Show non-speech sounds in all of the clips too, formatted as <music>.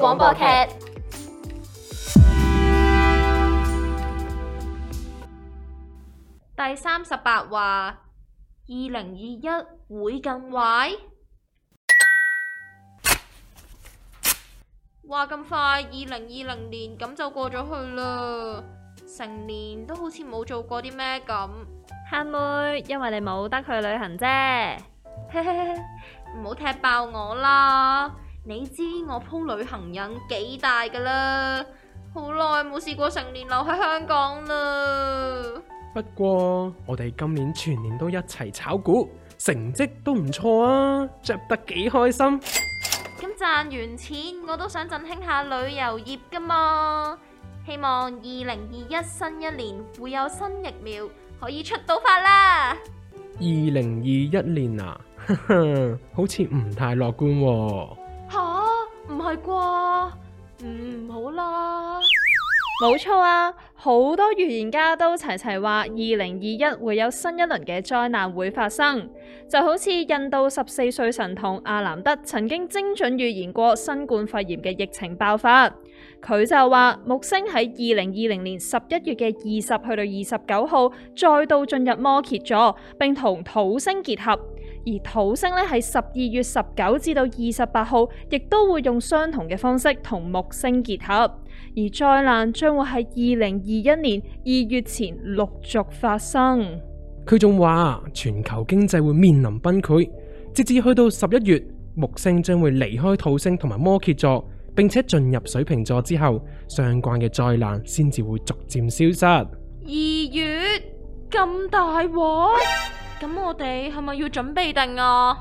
廣播劇第三十八話，二零二一會更壞，話咁快，二零二零年咁就過咗去啦，成年都好似冇做過啲咩咁。黑妹，因為你冇得去旅行啫，唔好踢爆我啦。你知我鋪旅行人幾大噶啦，好耐冇試過成年留喺香港啦。不過我哋今年全年都一齊炒股，成績都唔錯啊，着得幾開心。咁賺完錢，我都想振興下旅遊業噶嘛。希望二零二一新一年會有新疫苗可以出到發啦。二零二一年啊，呵 <laughs> 呵、啊，好似唔太樂觀。係啩，好啦，冇錯啊，好多預言家都齊齊話，二零二一會有新一輪嘅災難會發生，就好似印度十四歲神童阿南德曾經精準預言過新冠肺炎嘅疫情爆發，佢就話木星喺二零二零年十一月嘅二十去到二十九號，再度進入摩羯座，并同土星結合。而土星咧，喺十二月十九至到二十八號，亦都會用相同嘅方式同木星結合，而災難將會喺二零二一年二月前陸續發生。佢仲話全球經濟會面臨崩潰，直至去到十一月，木星將會離開土星同埋摩羯座，並且進入水瓶座之後，相關嘅災難先至會逐漸消失。二月咁大鑊！咁我哋係咪要準備定啊？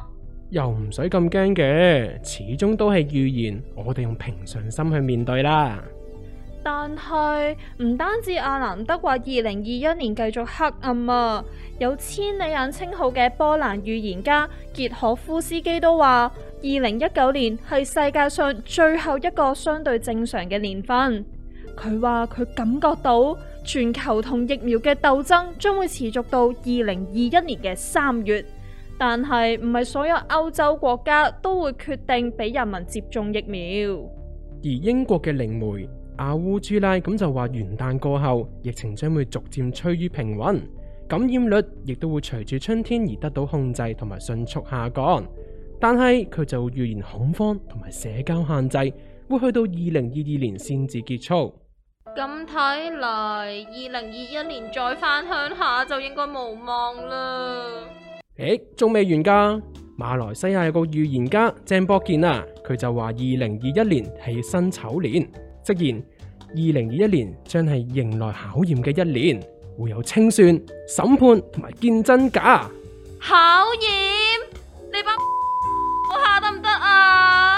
又唔使咁驚嘅，始終都係預言，我哋用平常心去面對啦。但係唔單止阿蘭德話二零二一年繼續黑暗啊，有千里眼稱號嘅波蘭預言家傑可夫斯基都話，二零一九年係世界上最後一個相對正常嘅年份。佢話佢感覺到。全球同疫苗嘅鬥爭將會持續到二零二一年嘅三月，但係唔係所有歐洲國家都會決定俾人民接種疫苗。而英國嘅靈媒阿烏朱拉咁就話元旦過後，疫情將會逐漸趨於平穩，感染率亦都會隨住春天而得到控制同埋迅速下降。但係佢就預言恐慌同埋社交限制會去到二零二二年先至結束。咁睇嚟，二零二一年再返鄉下就應該無望啦。誒、欸，仲未完㗎？馬來西亞有個預言家鄭博健啊，佢就話二零二一年係辛丑年，即然二零二一年將係迎來考驗嘅一年，會有清算、審判同埋見真假。考驗，你把 X X 我嚇得唔得啊？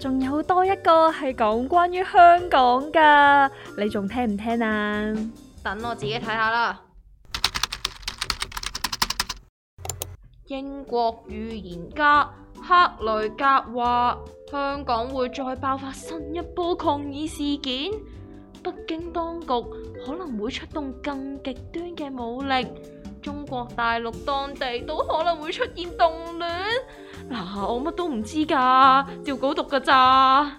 仲有多一個係講關於香港噶，你仲聽唔聽啊？等我自己睇下啦。英國預言家克雷格話：香港會再爆發新一波抗議事件，北京當局可能會出動更極端嘅武力。中國大陸當地都可能會出現動亂，嗱，我乜都唔知噶，照稿讀噶咋？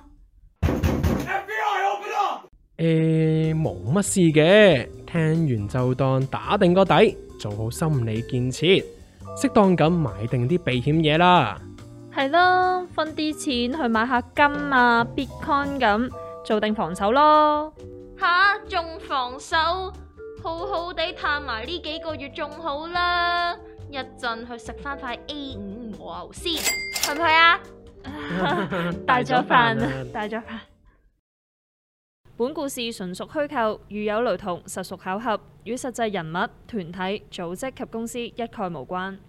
誒，冇乜事嘅，聽完就當打定個底，做好心理建設，適當咁買定啲避險嘢啦。係啦，分啲錢去買下金啊、Bitcoin 咁，做定防守咯。吓，仲防守？好好地嘆埋呢幾個月仲好啦，一陣去食翻塊 A 五和牛先，係唔係啊？帶咗飯呀，帶咗飯。本故事純屬虛構，如有雷同，實屬巧合，與實際人物、團體、組織及公司一概無關。